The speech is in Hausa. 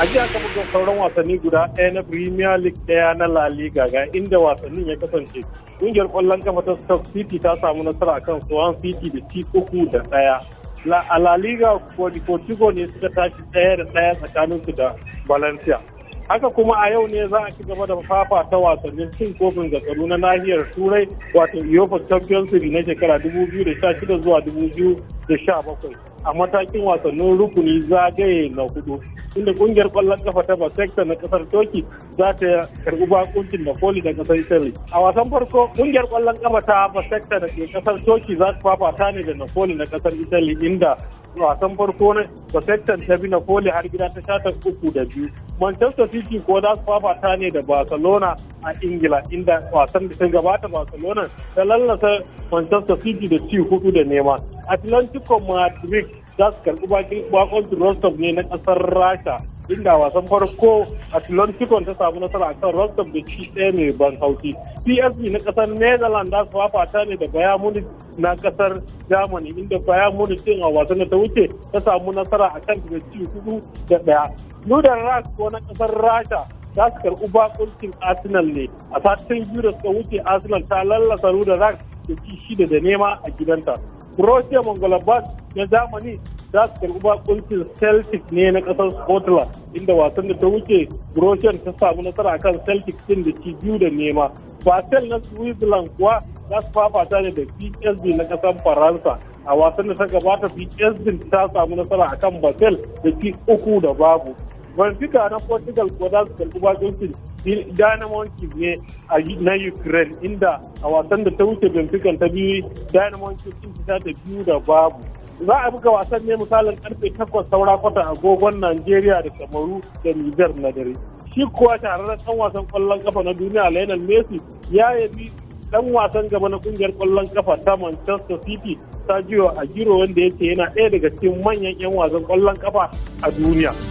a jiya aka buga sauran wasanni guda ɗaya na premier league ɗaya na la liga ga inda wasannin ya kasance ƙungiyar ƙwallon kafa ta stoke city ta samu nasara akan swan city da ci uku da ɗaya a la liga portugal ne suka tashi ɗaya da ɗaya tsakaninsu da valencia haka kuma a yau ne za a ci gaba da ta wasannin cin kofin tsaro na nahiyar turai wato uefa champions league na shekara 2016 zuwa 2017 a matakin wasannin rukuni zagaye na hudu inda kungiyar kwallon kafa ta Basekta na kasar toki za ta karbi bakuncin koli da kasar Italy. A wasan farko kungiyar kwallon kafa ta Basekta da kasar toki za ta fafata ne da na koli na kasar Italy inda wasan farko na Southampton ta bi koli har gida ta shata uku da biyu. Manchester City ko za su fafata ne da Barcelona a Ingila inda wasan da ta gabata Barcelona ta lallasa Manchester City da ci hudu da nema. Atlantico Madrid za su karɓi bakon Rostov ne na ƙasar Rasha inda wasan farko atlanticon ta samu nasara a kan rostam da ci ɗaya mai ban hauki psv na ƙasar netherlands zasu su fafata ne da bayan munich na ƙasar germany inda bayan munich din a wasan da ta wuce ta samu nasara a kan da ci hudu da ɗaya ludan ras ko na ƙasar rasha za su karɓi bakuncin arsenal ne a satin biyu da suka wuce arsenal ta lallasa ludar ras da ci shida da nema a gidanta Borussia Mongolabat na Germany za su karbi kuncin celtic ne na kasar scotland inda wasan da ta wuce Croatian ta samu nasara kan celtic din da ci biyu da nema basel na switzerland kuwa za su fafata ne da psd na kasar faransa a wasan da ta gabata psd ta samu nasara akan basel da ci uku da babu Benfica na Portugal ko za su karɓi bakuncin Dynamo Kiev ne na Ukraine inda a wasan da ta wuce Benfica ta biyu Dynamo Kiev ta biyu da babu. za a buga wasan ne misalin karfe takwas saura kwata a agogon Najeriya da Kamaru da Nijar na dare. Shi kuwa da ɗan wasan ƙwallon kafa na duniya Lionel Messi ya yabi ɗan wasan gaba na ƙungiyar ƙwallon kafa ta Manchester City a giro wanda ya ce yana ɗaya daga cikin manyan 'yan wasan ƙwallon kafa a duniya.